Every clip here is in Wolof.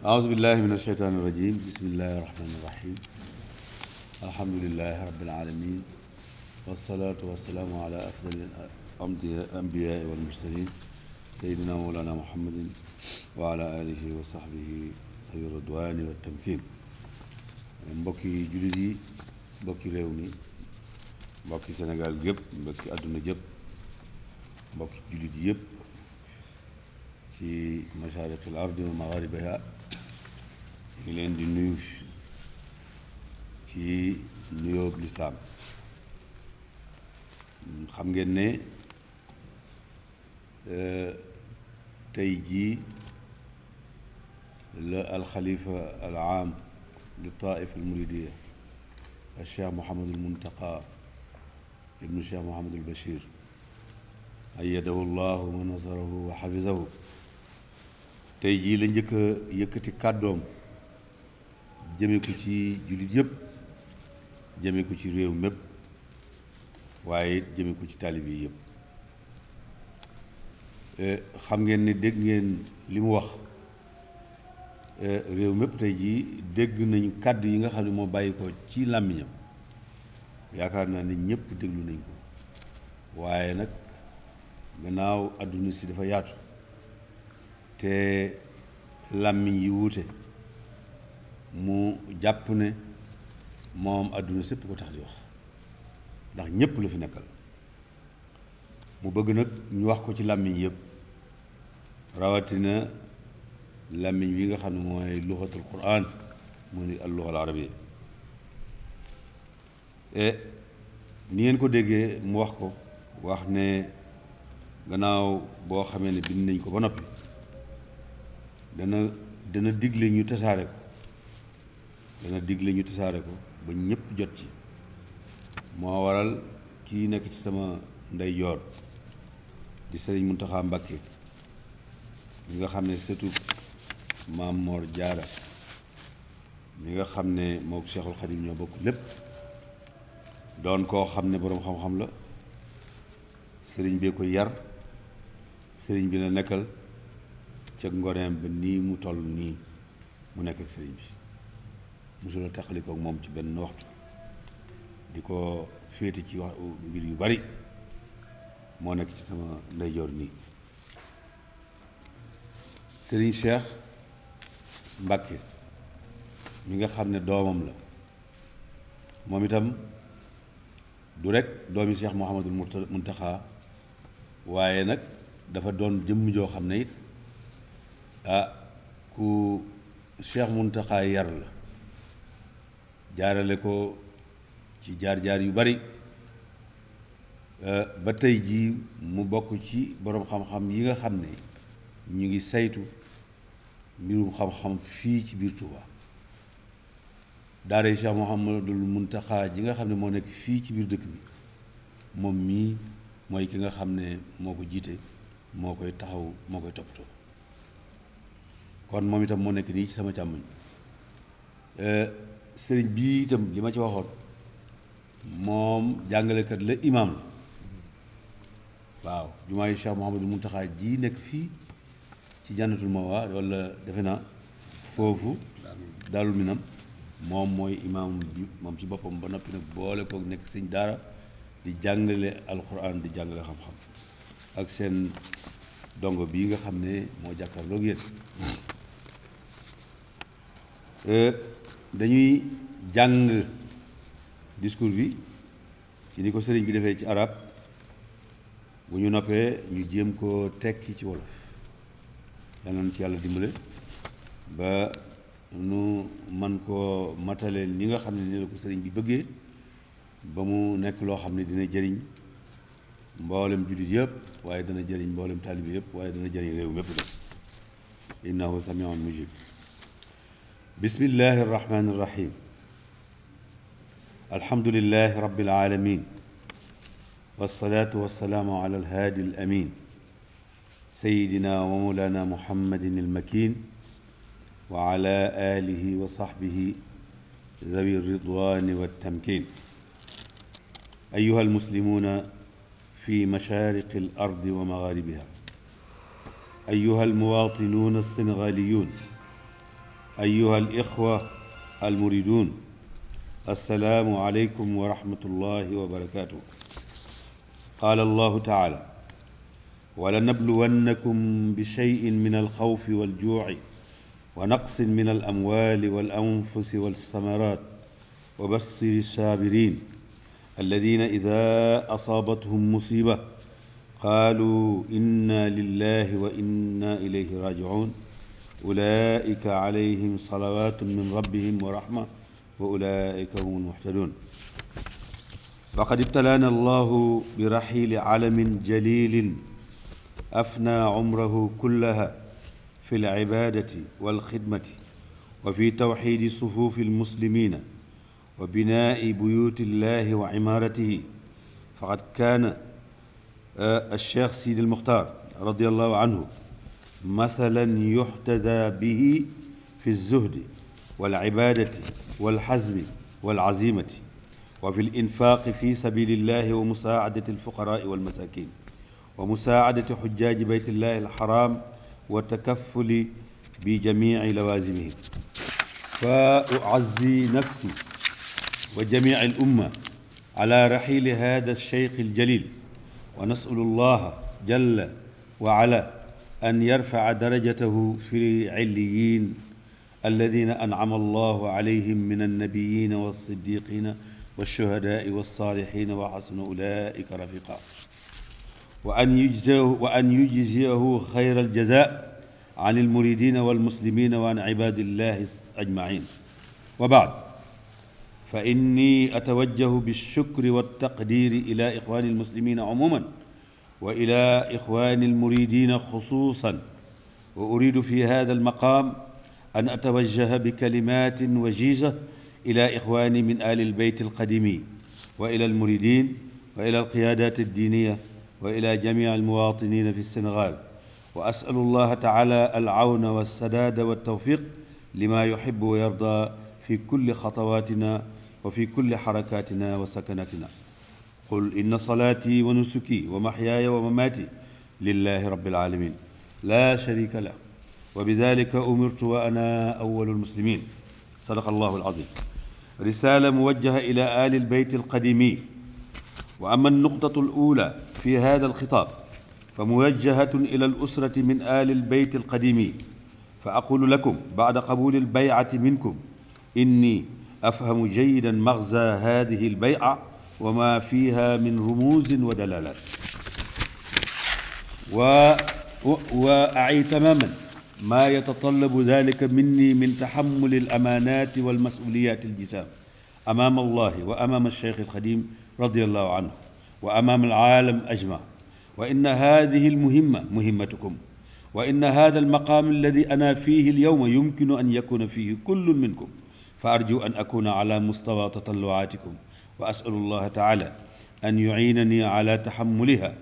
أعوذ بالله من الشيطان الرجيم بسم الله الرحمن الرحيم الحمد لله رب العالمين والصلاة والسلام على أفضل الأنبياء والمرسلين سيدنا مولانا محمد وعلى آله وصحبه سبيل الرضوان والتمكين mbokki jullit yi mbokki réew mi mbokki Sénégal gépp mbokki àdduna jëpp mbokki jullit yëpp ci mashaariqil ardi wa magharibiha ñu ngi leen di nuyu ci nuyoob lislaam xam ngeen ne euh, tey jii la alxalifa al aam li taif al muridiya al cheikh mohamadul muntaqa ibnu cheikh mohamadul bachir ayadahu llahu wa nasarahu wa xafizahu tey jii la njëkk a yëkkati kàddoom jëme ko ci jullit yépp jëme ko ci réew mépp waaye jëme ko ci taalib yi yëpp eh, xam ngeen ni dégg ngeen li mu wax eh, réew mépp tey jii dégg nañu kàddu yi nga xam ne moo bàyyi ko ci làmmiñam yaakaar naa ne ñëpp déglu nañ ko waaye nag gannaaw àdduna si dafa yaatu te làmmiñ yi wuute mu jàpp ne moom àdduna sépp ko tax di wax ndax ñépp lu fi nekkal mu bëgg nag ñu wax ko ci làmmiñ yëpp rawatina làmmiñ wi nga xam ne mooy luxatul quraan mu ni al luxal arabiya e, ni ngeen ko déggee mu wax ko wax ne gannaaw boo xamee ne bind nañ ko ba noppi dana dana digle ñu tasaare ko dana digle ñu tasaare ko ba ñëpp jot ci moo waral kii nekk ci sama ndeyjoor di sëriñ Muntaxa Mbàkke mi nga xam ne sëtu maam Mor Jaara mi nga xam ne mook Seexul Xadim ñoo bokk lépp doon koo xam ne boroom xam-xam la sëriñ bee ko yar sëriñ bi la nekkal ca ngoneem ba nii mu toll nii mu nekk ak sëriñ bi mosula taxalikook moom ci benn waxtu di ko féete ci wax mbir yu bari moo nekk ci sama ndeyjoor nii sëriñ seex Mbacke mi nga xam ne doomam la moom itam du rek doomi Cheikh Mouhamadul Mountakha waaye nag dafa doon jëmm joo xam ne it ku Cheikh Muntaxa yar la jaarale ko ci jaar-jaar yu bari euh, ba tey jii mu bokk ci boroom xam-xam yi nga xam ne ñu ngi saytu mbirum xam-xam fii ci biir Touba daara Cheikh Mouhamadul Muntaxa ji nga xam ne moo nekk fii ci biir dëkk bi moom mii mooy ki nga xam ne moo ko jiite moo koy taxaw moo koy toppatoo kon moom itam moo nekk nii ci sama càmmoñ euh, sëriñ bii itam li ma ci waxoon moom jàngalekat la imaam waaw jumaa yi Cheikh Mouhamadou Mountakha ji nekk fii ci jànnatul Mawa wala defe na foofu daalul minam moom mooy imaam bi moom ci boppam ba noppi nag boole kook nekk sëñ daara di jàngale alxuraan di jàngale xam-xam ak seen dongo bii nga xam ne moo jàkkaarloog yéen Euh, dañuy jàng discours bi ci ni ko sëriñ bi defee ci arab bu ñu noppee ñu jéem ko tekki ci wolof yal na ci yàlla dimbale ba nu man koo matale ni nga xam ne ni la ko sëriñ bi bëggee ba mu nekk loo xam ne dina jëriñ mboolem jullit yëpp waaye dana jëriñ mboolem taalibe yëpp waaye dana jëriñ réew mépp de innahu samiun mujib bismillahi irrahmani irrahim alhamdulilahi rabilalamin walsalaatu walsalaamu ala alhaadi alamin sayidina wa mawlana muhammadin almakin wa ala alihi wa sahbihi zawi ridwani wattamkin ayyuha almuslimuna fi mashariqi alardi wa magharibiha ayyuha almuwatinuna alsenegaliyun أيها الإخوة المريدون السلام عليكم ورحمة الله وبركاته قال الله تعالى ولنبلونكم بشيء من الخوف والجوع ونقص من الأموال والأنفس والثمرات وبشر الصابرين الذين إذا أصابتهم مصيبة قالوا إنا لله وإنا إليه راجعون ulaika alayhim salawatu min rabbihim wa rahma wa ulaika hum almuhtadun faqad ibtalaana allahu biraxiili alamin jalilin afna umrahu kullaha fi alcibaadati walxidmati wa fi tawxiidi sufuufi almuslimina wa binaai buyuuti illahi wa cimaaratihi faqad kaana eh, alcheikh sidi almuxtaar radiallahu anhu masalan yuxtada bihi fi zuhdi walcibaadati walxazmi walcazimati wa fi linfaaqi fi sabilillahi wa musaacadati alfuqaraai walmasakin wa musaacadati xujjaaji beytillahi alxaram wa takafuli bi jamici lawaazimihim fa ucazzi nafsi wa jamici alumma ala raxiili hada alcheikh aljalil wa nas'alu allaha jalla wa ala an yarfaa darajatahu fi illiyin alladina ancama allahu alayhim min annabiyina walsiddiqina walshuhadaai walsaalihina wa xasna ulaika rafiqa wa an yujziyahu wa an yujziyahu xayra aljaza an almuridina walmuslimina wa an cibaadillahi ajmacin wa bacd fa inni atawajjahu bilshukri waltaqdiri ila ixwaani almuslimina cumuman wa ila ixwaani almuridina xusuusan wa uridu fi hada almaqam an atawajjaha bi kalimatin wajiza ila ixwaani min ali albayt alqadimi wa ila almuridin wa ila alqiyadat aldiniya wa ila jamic almuwatinina fi alsenegal wa asalu allaha taala alcawna walsadaada waltawfiq lima yuxibu wa yarda fi kulli xatawatina wa fi kulli xarakaatina wa sakanatina qul inna salaati wa nusuki wa maxyaaya wa mamaati lillahi rabbil aalamiin laa shariika lahu wa bidaalika umirtu wa ana awwalul muslimiin sadaqa llaahu al-aziim risaala muwajjaha ilaa aali l-bayti l-qadiimi wa ammaa n-nuqtatu l-uulaa fi haaza l-xitaab فموجهة إلى الأسرة من آل البيت القديم فأقول لكم بعد قبول البيعة منكم إني أفهم جيدا مغزى هذه البيعة wa ma fiha min rumuzin wa dalalat wa وأعي تماما ما يتطلب ذلك مني من تحمل الأمانات والمسؤوليات الجسام أمام الله وأمام الشيخ الخديم رضي الله عنه وأمام العالم أجمع وإن هذه المهمة مهمتكم وإن هذا المقام الذي أنا فيه اليوم يمكن أن يكون فيه كل منكم فأرجو أن أكون على مستوى تطلعاتكم wa asalullaha taala an yuinani ala taxamuliha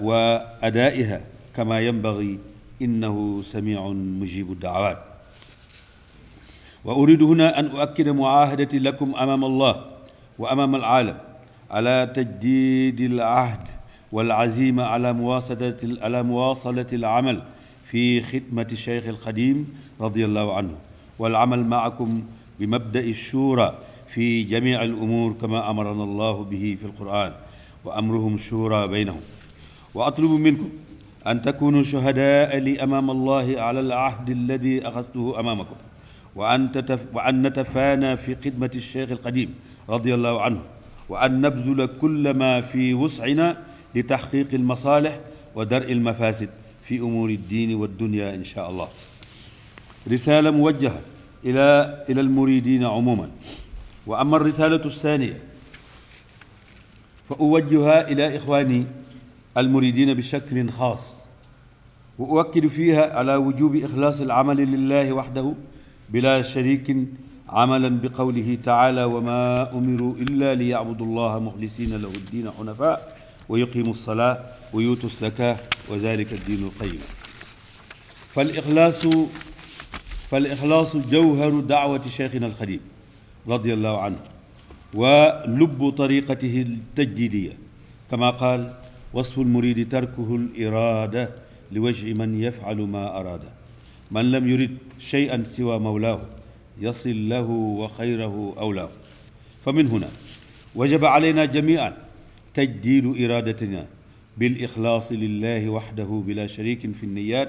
wa adaiha kama yanbagi innahu samiun mujibu daawaat wa uridu huna an uakkida muahadati lakum amaam allah wa amaam alaalam ala tajdidi alahd walazima ala muwasalati ala muwasalati alamal fi xidmati cheikh alxadim radiallahu anhu walamal maakum bi mabdai shura fi jamii al umuur kama amarana allahu bihi fi alquran wa amruhum shura baynahum wa atlubu minkum an takunu shuhadaa li amaam allahi ala al ahdi alladi axastuhu amaamakum wa an natafaana fi xidmati alcheikh alqadim radiallahu anhu wa an nabdula kulla ma fi wuscina li taxqiqi almasaalix wa dari almafasid fi umuuri aldiini waldunya insha allah risaala muwajjaha ila ila almuridina umuman wa ama risalatu thania fa uwajjuha ila ixwaani almuridina bi shaklin xaas wa uwakkidu fiha ala wujubi ixlaasi alcamali lillahi waxdahu bila sharikin amalan bi qawlihi taala wa ma umiru illa li yacbudu allaha muxlisina lahu ddiina xunafa wa yuqimu alsalaa wa yuutu alzaka wa dalika addiinu alqayim fal ixlaasu fal ixlaasu jawharu dacwati cheikhina alxadim radiyallahu anhu wa lubbu tariqatihi ltajdidiya kama qaal wasfu lmuridi tarkuhu liraada li wajhi man yafcalu ma araada man lam yurid cheyan siwa mawlaahu yasil lahu wa xayrahu awlaahu fa min huna wajaba alayna jamian tajdidu iradatina bilixlaasi lillahi waxdahu bila sharikin fi nniyaat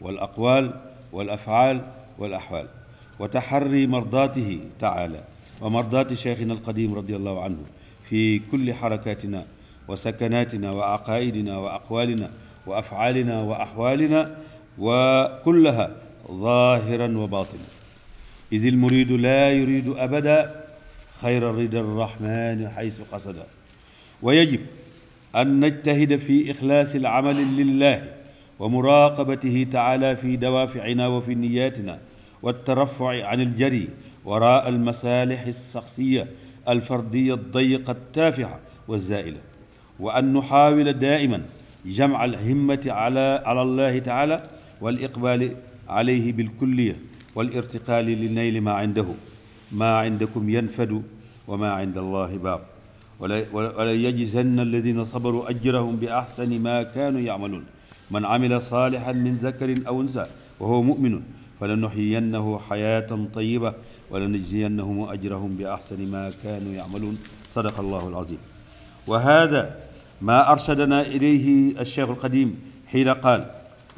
wal aqwaal wal afcaal wal axwaal wa taxarri mardaatihi taala wa mardaati cheikhina alqadim radiallahu anhu fi kulli xarakaatina wa sakanaatina wa aqaaidina wa aqwaalina wa afcaalina wa axwaalina wa kullaha zaahiran wa baatinan iz al-muriidu laa yuriidu abadan xayra ridaa ar-rahmaani xaysu qasada wa yajib an najtahida fi ixlaasi al-amali lillaahi wa muraaqabatihi taala fi dawaaficinaa wa fi niyaatinaa والترفع عن الجري وراء المصالح الشخصية الفردية الضيقة التافهة والزائلة وأن نحاول دائما جمع الهمة على على الله تعالى والإقبال عليه بالكلية والارتقال لنيل ما عنده ما عندكم ينفد وما عند الله باق وليجزن الذين صبروا أجرهم بأحسن ما كانوا يعملون من عمل صالحا من ذكر أو أنثى وهو مؤمن fa la nuxyiyannahu xayaatan tayiba wa la najziyannahum ajrahum bi axsani ma kaanu yacmaluun sadaqa allahu alazim wa hada ma arshadana ilayhi alcheikh alqadim xiina qaal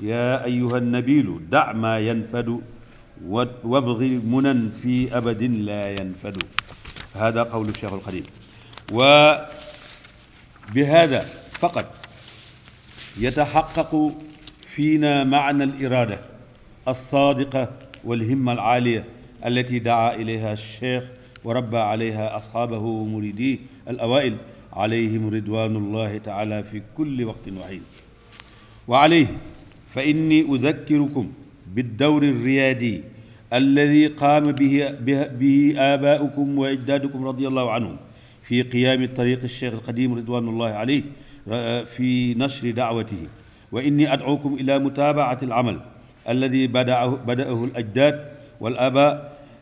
yaa ayuha alnabilu dac maa yanfadu wabgi munan fi abadin laa yanfadu hada qawlu cheikh alqadim wa bi hada faqat yataxaqaqu fiina macna aliraada الصادقة والهمة العالية التي دعا إليها الشيخ وربى عليها أصحابه ومريديه الأوائل عليهم رضوان الله تعالى في كل وقت وحين وعليه فإني أذكركم بالدور الريادي الذي قام به, به, به آباؤكم وأجدادكم رضي الله عنهم في قيام طريق الشيخ القديم رضوان الله عليه في نشر دعوته وإني أدعوكم إلى متابعة العمل alladi badaahu badaahu al ajdaad wal aba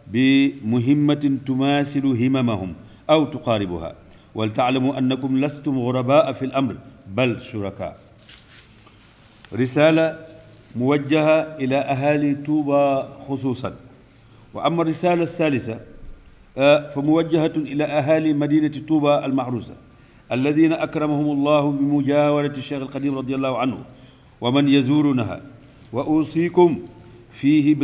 bi muhimmatin tumaasilu himamahum aw tuqaaribuha wal taalamu annakum lastum gurabaa fi l amr bal shuraka risala muwajjaha ila ahali tuuba xusuusan wa ama risala saalisa fa muwajjahatun ila ahali madinati tuuba almahrusa alladina akramahum allahu bi mujaawarati cheikh alqadim radi allahu anhu wa man yazurunaha wa usikum fiihi